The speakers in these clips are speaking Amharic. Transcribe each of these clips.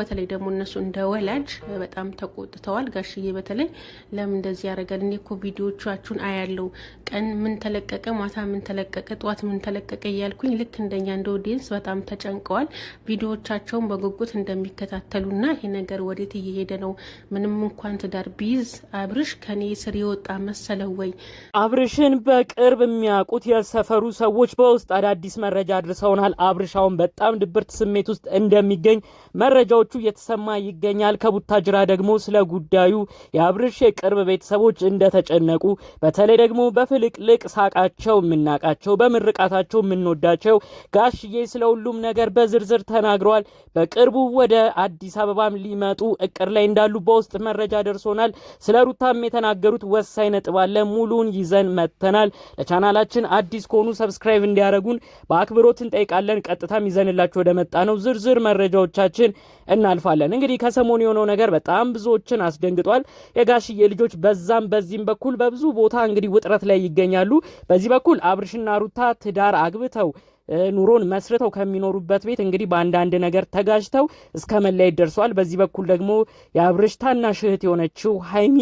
በተለይ ደግሞ እነሱ እንደ ወላጅ በጣም ተቆጥተዋል። ጋሽዬ በተለይ ለምን እንደዚህ ያደርጋል? እኔ እኮ ቪዲዮቻችሁን አያለው ቀን ምን ተለቀቀ፣ ማታ ምን ተለቀቀ፣ ጠዋት ምን ተለቀቀ እያልኩኝ ልክ እንደኛ እንደ ኦዲየንስ በጣም ተጨንቀዋል። ቪዲዮቻቸውን በጉጉት እንደሚከታተሉና ይሄ ነገር ወዴት እየሄደ ነው? ምንም እንኳን ትዳር ቢይዝ አብርሽ ከኔ ስር የወጣ መሰለው ወይ? አብርሽን በቅርብ የሚያውቁት የሰፈሩ ሰዎች በውስጥ አዳዲስ መረጃ አድርሰውናል። አብርሽ በጣም ድብርት ስሜት ውስጥ እንደሚገኝ መረጃዎች በመረጃዎቹ እየተሰማ ይገኛል። ከቡታጅራ ደግሞ ስለ ጉዳዩ የአብርሽ የቅርብ ቤተሰቦች እንደተጨነቁ በተለይ ደግሞ በፍልቅልቅ ሳቃቸው የምናቃቸው በምርቃታቸው የምንወዳቸው ጋሽዬ ስለ ሁሉም ነገር በዝርዝር ተናግረዋል። በቅርቡ ወደ አዲስ አበባም ሊመጡ እቅር ላይ እንዳሉ በውስጥ መረጃ ደርሶናል። ስለ ሩታም የተናገሩት ወሳኝ ነጥብ አለ። ሙሉን ይዘን መጥተናል። ለቻናላችን አዲስ ከሆኑ ሰብስክራይብ እንዲያደርጉን በአክብሮት እንጠይቃለን። ቀጥታም ይዘንላችሁ ወደ መጣ ነው ዝርዝር መረጃዎቻችን እናልፋለን። እንግዲህ ከሰሞኑ የሆነው ነገር በጣም ብዙዎችን አስደንግጧል። የጋሽዬ ልጆች በዛም በዚህም በኩል በብዙ ቦታ እንግዲህ ውጥረት ላይ ይገኛሉ። በዚህ በኩል አብርሽና ሩታ ትዳር አግብተው ኑሮን መስርተው ከሚኖሩበት ቤት እንግዲህ በአንዳንድ ነገር ተጋጅተው እስከ መለያየት ደርሰዋል። በዚህ በኩል ደግሞ የአብርሽ ታናሽ እህት የሆነችው ሀይሚ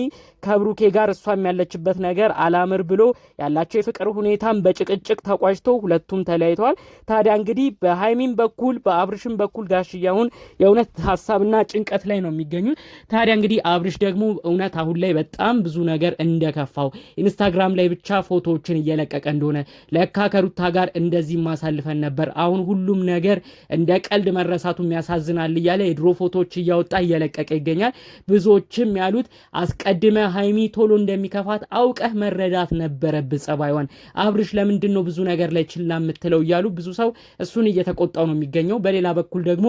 ከብሩኬ ጋር እሷም ያለችበት ነገር አላምር ብሎ ያላቸው የፍቅር ሁኔታም በጭቅጭቅ ተቋጭቶ ሁለቱም ተለያይተዋል። ታዲያ እንግዲህ በሀይሚም በኩል በአብርሽም በኩል ጋሽያሁን የእውነት ሀሳብና ጭንቀት ላይ ነው የሚገኙት። ታዲያ እንግዲህ አብርሽ ደግሞ እውነት አሁን ላይ በጣም ብዙ ነገር እንደከፋው ኢንስታግራም ላይ ብቻ ፎቶዎችን እየለቀቀ እንደሆነ ለካ ከሩታ ጋር እንደዚህ ማሳለ አሳልፈን ነበር። አሁን ሁሉም ነገር እንደ ቀልድ መረሳቱ ያሳዝናል እያለ የድሮ ፎቶዎች እያወጣ እየለቀቀ ይገኛል። ብዙዎችም ያሉት አስቀድመ ሀይሚ ቶሎ እንደሚከፋት አውቀህ መረዳት ነበረብህ ጸባይዋን። አብርሽ ለምንድን ነው ብዙ ነገር ላይ ችላ የምትለው እያሉ ብዙ ሰው እሱን እየተቆጣው ነው የሚገኘው። በሌላ በኩል ደግሞ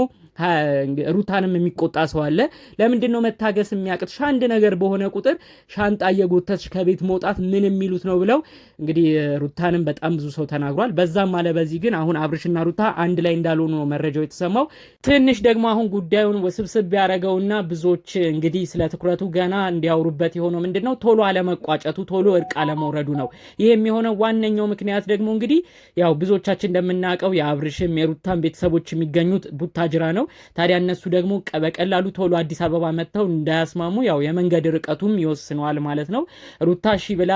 ሩታንም የሚቆጣ ሰው አለ። ለምንድን ነው መታገስ የሚያቅትሽ? አንድ ነገር በሆነ ቁጥር ሻንጣ እየጎተትሽ ከቤት መውጣት ምን የሚሉት ነው ብለው እንግዲህ ሩታንም በጣም ብዙ ሰው ተናግሯል። በዛም አለ በዚህ ግን ግን አሁን አብርሽና ሩታ አንድ ላይ እንዳልሆኑ ነው መረጃው የተሰማው። ትንሽ ደግሞ አሁን ጉዳዩን ውስብስብ ያደረገውና ብዙዎች እንግዲህ ስለ ትኩረቱ ገና እንዲያወሩበት የሆነው ምንድን ነው ቶሎ አለመቋጨቱ፣ ቶሎ እርቅ አለመውረዱ ነው። ይህ የሚሆነው ዋነኛው ምክንያት ደግሞ እንግዲህ ያው ብዙዎቻችን እንደምናውቀው የአብርሽም የሩታን ቤተሰቦች የሚገኙት ቡታጅራ ነው። ታዲያ እነሱ ደግሞ በቀላሉ ቶሎ አዲስ አበባ መጥተው እንዳያስማሙ ያው የመንገድ ርቀቱም ይወስነዋል ማለት ነው። ሩታ ሺ ብላ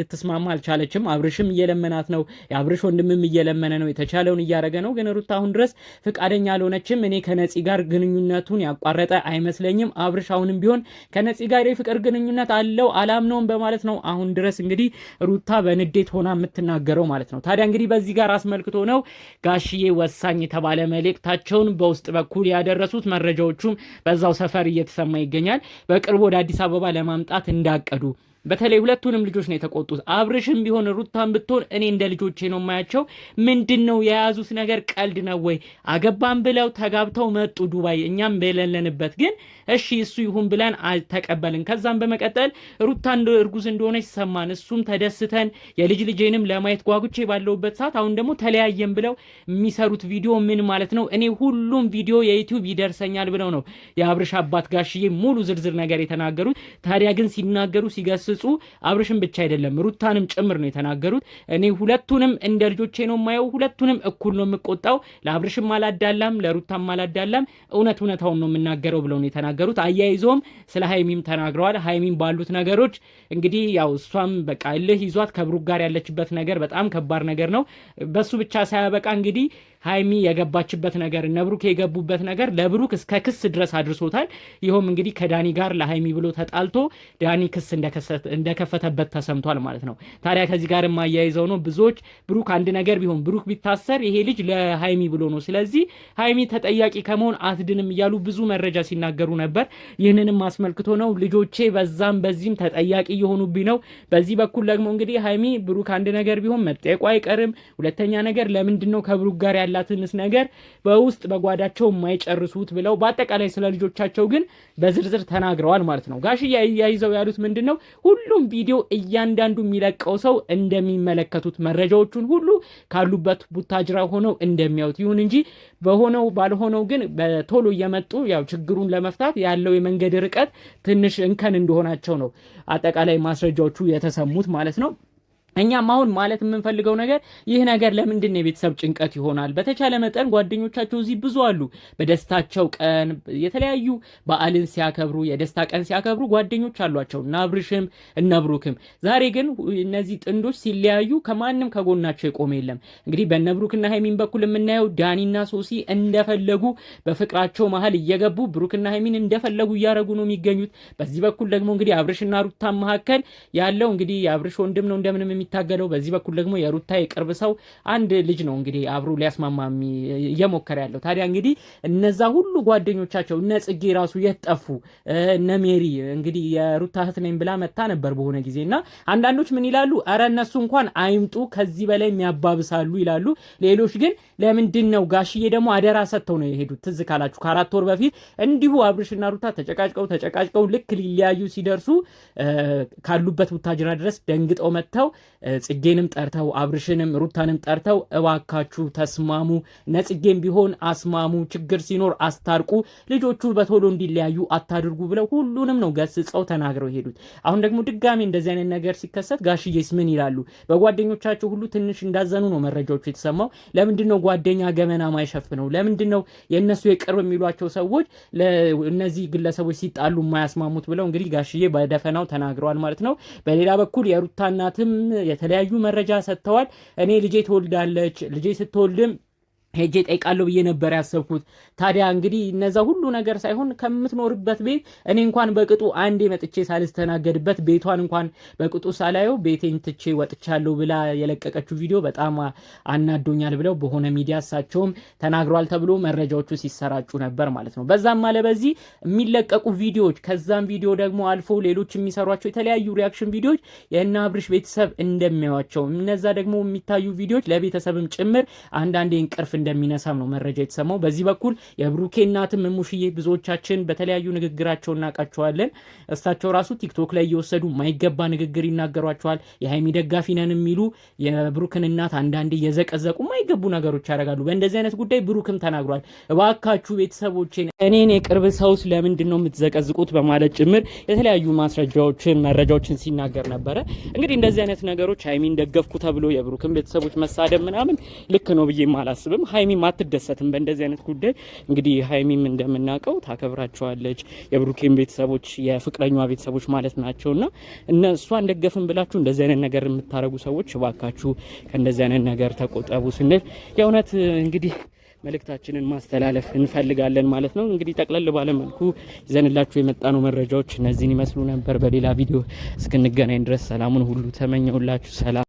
ልትስማማ አልቻለችም። አብርሽም እየለመናት ነው። የአብርሽ ወንድምም እየለ እየለመነ ነው፣ የተቻለውን እያደረገ ነው። ግን ሩታ አሁን ድረስ ፍቃደኛ አልሆነችም። እኔ ከነፂ ጋር ግንኙነቱን ያቋረጠ አይመስለኝም። አብርሽ አሁንም ቢሆን ከነፂ ጋር የፍቅር ግንኙነት አለው አላምነውም በማለት ነው አሁን ድረስ እንግዲህ ሩታ በንዴት ሆና የምትናገረው ማለት ነው። ታዲያ እንግዲህ በዚህ ጋር አስመልክቶ ነው ጋሽዬ ወሳኝ የተባለ መልእክታቸውን በውስጥ በኩል ያደረሱት። መረጃዎቹም በዛው ሰፈር እየተሰማ ይገኛል። በቅርቡ ወደ አዲስ አበባ ለማምጣት እንዳቀዱ በተለይ ሁለቱንም ልጆች ነው የተቆጡት። አብርሽም ቢሆን ሩታም ብትሆን እኔ እንደ ልጆቼ ነው የማያቸው። ምንድን ነው የያዙት ነገር ቀልድ ነው ወይ? አገባን ብለው ተጋብተው መጡ ዱባይ፣ እኛም በሌለንበት ግን እሺ እሱ ይሁን ብለን ተቀበልን። ከዛም በመቀጠል ሩታ እርጉዝ እንደሆነች ሰማን። እሱም ተደስተን የልጅ ልጄንም ለማየት ጓጉቼ ባለውበት ሰዓት አሁን ደግሞ ተለያየን ብለው የሚሰሩት ቪዲዮ ምን ማለት ነው? እኔ ሁሉም ቪዲዮ የዩቲዩብ ይደርሰኛል ብለው ነው የአብርሽ አባት ጋሽዬ ሙሉ ዝርዝር ነገር የተናገሩት። ታዲያ ግን ሲናገሩ ሲገስ ሲገስጹ አብርሽን ብቻ አይደለም ሩታንም ጭምር ነው የተናገሩት። እኔ ሁለቱንም እንደ ልጆቼ ነው የማየው፣ ሁለቱንም እኩል ነው የምቆጣው። ለአብርሽም አላዳላም፣ ለሩታም አላዳላም። እውነት እውነታውን ነው የምናገረው ብለው ነው የተናገሩት። አያይዞም ስለ ሀይሚም ተናግረዋል። ሀይሚም ባሉት ነገሮች እንግዲህ ያው እሷም በቃ እልህ ይዟት ከብሩክ ጋር ያለችበት ነገር በጣም ከባድ ነገር ነው። በሱ ብቻ ሳያበቃ እንግዲህ ሀይሚ የገባችበት ነገር እነ ብሩክ የገቡበት ነገር ለብሩክ እስከ ክስ ድረስ አድርሶታል። ይኸውም እንግዲህ ከዳኒ ጋር ለሀይሚ ብሎ ተጣልቶ ዳኒ ክስ እንደከሰተ እንደከፈተበት ተሰምቷል ማለት ነው። ታዲያ ከዚህ ጋር የማያይዘው ነው ብዙዎች ብሩክ አንድ ነገር ቢሆን ብሩክ ቢታሰር ይሄ ልጅ ለሀይሚ ብሎ ነው፣ ስለዚህ ሀይሚ ተጠያቂ ከመሆን አትድንም እያሉ ብዙ መረጃ ሲናገሩ ነበር። ይህንንም አስመልክቶ ነው ልጆቼ በዛም በዚህም ተጠያቂ እየሆኑብኝ ነው። በዚህ በኩል ደግሞ እንግዲህ ሀይሚ ብሩክ አንድ ነገር ቢሆን መጠየቁ አይቀርም። ሁለተኛ ነገር ለምንድን ነው ከብሩክ ጋር ያላትንስ ነገር በውስጥ በጓዳቸው የማይጨርሱት ብለው በአጠቃላይ ስለ ልጆቻቸው ግን በዝርዝር ተናግረዋል ማለት ነው። ጋሽ ያይዘው ያሉት ምንድን ነው ሁሉም ቪዲዮ እያንዳንዱ የሚለቀው ሰው እንደሚመለከቱት መረጃዎቹን ሁሉ ካሉበት ቡታጅራ ሆነው እንደሚያዩት ይሁን እንጂ በሆነው ባልሆነው ግን በቶሎ እየመጡ ያው ችግሩን ለመፍታት ያለው የመንገድ ርቀት ትንሽ እንከን እንደሆናቸው ነው አጠቃላይ ማስረጃዎቹ የተሰሙት ማለት ነው። እኛም አሁን ማለት የምንፈልገው ነገር ይህ ነገር ለምንድን የቤተሰብ ጭንቀት ይሆናል? በተቻለ መጠን ጓደኞቻቸው እዚህ ብዙ አሉ። በደስታቸው ቀን የተለያዩ በዓልን ሲያከብሩ፣ የደስታ ቀን ሲያከብሩ ጓደኞች አሏቸው እነ አብርሽም እነ ብሩክም። ዛሬ ግን እነዚህ ጥንዶች ሲለያዩ ከማንም ከጎናቸው የቆመ የለም። እንግዲህ በእነ ብሩክና ሀይሚን በኩል የምናየው ዳኒና ሶሲ እንደፈለጉ በፍቅራቸው መሀል እየገቡ ብሩክና ሀይሚን እንደፈለጉ እያደረጉ ነው የሚገኙት። በዚህ በኩል ደግሞ እንግዲህ አብርሽና ሩታ መካከል ያለው እንግዲህ የአብርሽ ወንድም ነው እንደምንም የሚታገለው፣ በዚህ በኩል ደግሞ የሩታ የቅርብ ሰው አንድ ልጅ ነው እንግዲህ አብሮ ሊያስማማ እየሞከረ ያለው። ታዲያ እንግዲህ እነዛ ሁሉ ጓደኞቻቸው እነ ጽጌ ራሱ የጠፉ እነ ሜሪ እንግዲህ የሩታ እህት ነኝ ብላ መታ ነበር በሆነ ጊዜ እና አንዳንዶች ምን ይላሉ? እረ እነሱ እንኳን አይምጡ ከዚህ በላይ የሚያባብሳሉ ይላሉ። ሌሎች ግን ለምንድን ነው ጋሽዬ ደግሞ አደራ ሰጥተው ነው የሄዱት። ትዝ ካላችሁ ከአራት ወር በፊት እንዲሁ አብርሽና ሩታ ተጨቃጭቀው ተጨቃጭቀው ልክ ሊለያዩ ሲደርሱ ካሉበት ቡታጅራ ድረስ ደንግጠው መጥተው ጽጌንም ጠርተው አብርሽንም ሩታንም ጠርተው እባካችሁ ተስማሙ፣ ነጽጌም ቢሆን አስማሙ፣ ችግር ሲኖር አስታርቁ፣ ልጆቹ በቶሎ እንዲለያዩ አታድርጉ ብለው ሁሉንም ነው ገስጸው ተናግረው ሄዱት። አሁን ደግሞ ድጋሚ እንደዚህ አይነት ነገር ሲከሰት ጋሽዬስ ምን ይላሉ? በጓደኞቻቸው ሁሉ ትንሽ እንዳዘኑ ነው መረጃዎቹ የተሰማው። ለምንድን ነው ጓደኛ ገመና ማይሸፍነው? ለምንድን ነው የእነሱ የቅርብ የሚሏቸው ሰዎች እነዚህ ግለሰቦች ሲጣሉ የማያስማሙት? ብለው እንግዲህ ጋሽዬ በደፈናው ተናግረዋል ማለት ነው። በሌላ በኩል የሩታ እናትም የተለያዩ መረጃ ሰጥተዋል። እኔ ልጄ ትወልዳለች፣ ልጄ ስትወልድም ሄጄ ጠይቃለሁ ብዬ ነበር ያሰብኩት። ታዲያ እንግዲህ እነዛ ሁሉ ነገር ሳይሆን ከምትኖርበት ቤት እኔ እንኳን በቅጡ አንዴ መጥቼ ሳልስተናገድበት ቤቷን እንኳን በቅጡ ሳላየው ቤቴን ትቼ ወጥቻለሁ ብላ የለቀቀችው ቪዲዮ በጣም አናዶኛል ብለው በሆነ ሚዲያ እሳቸውም ተናግሯል ተብሎ መረጃዎቹ ሲሰራጩ ነበር ማለት ነው። በዛም አለ በዚህ የሚለቀቁ ቪዲዮዎች ከዛም ቪዲዮ ደግሞ አልፎ ሌሎች የሚሰሯቸው የተለያዩ ሪያክሽን ቪዲዮዎች የእነ አብርሽ ቤተሰብ እንደሚያዩዋቸው እነዛ ደግሞ የሚታዩ ቪዲዮዎች ለቤተሰብም ጭምር አንዳንዴ እንቅርፍ እንደሚነሳም ነው መረጃ የተሰማው። በዚህ በኩል የብሩኬ እናትም እሙሽዬ ብዙዎቻችን በተለያዩ ንግግራቸው እናውቃቸዋለን። እሳቸው ራሱ ቲክቶክ ላይ እየወሰዱ ማይገባ ንግግር ይናገሯቸዋል። የሀይሚ ደጋፊ ነን የሚሉ የብሩክን እናት አንዳንዴ የዘቀዘቁ ማይገቡ ነገሮች ያደርጋሉ። በእንደዚህ አይነት ጉዳይ ብሩክም ተናግሯል። እባካችሁ ቤተሰቦቼን እኔን የቅርብ ሰውስ ለምንድን ነው የምትዘቀዝቁት? በማለት ጭምር የተለያዩ ማስረጃዎችን መረጃዎችን ሲናገር ነበረ። እንግዲህ እንደዚህ አይነት ነገሮች ሀይሚን ደገፍኩ ተብሎ የብሩክን ቤተሰቦች መሳደብ ምናምን ልክ ነው ብዬ አላስብም። ሀይሚም አትደሰትም በእንደዚህ አይነት ጉዳይ። እንግዲህ ሀይሚም እንደምናውቀው ታከብራቸዋለች። የብሩኬን ቤተሰቦች የፍቅረኛ ቤተሰቦች ማለት ናቸውና እነ እሷን ደገፍን ብላችሁ እንደዚህ አይነት ነገር የምታደርጉ ሰዎች እባካችሁ ከእንደዚህ አይነት ነገር ተቆጠቡ ስንል የእውነት እንግዲህ መልእክታችንን ማስተላለፍ እንፈልጋለን ማለት ነው። እንግዲህ ጠቅለል ባለመልኩ ይዘንላችሁ ነው መረጃዎች እነዚህን ይመስሉ ነበር። በሌላ ቪዲዮ እስክንገናኝ ድረስ ሰላሙን ሁሉ ተመኘውላችሁ። ሰላም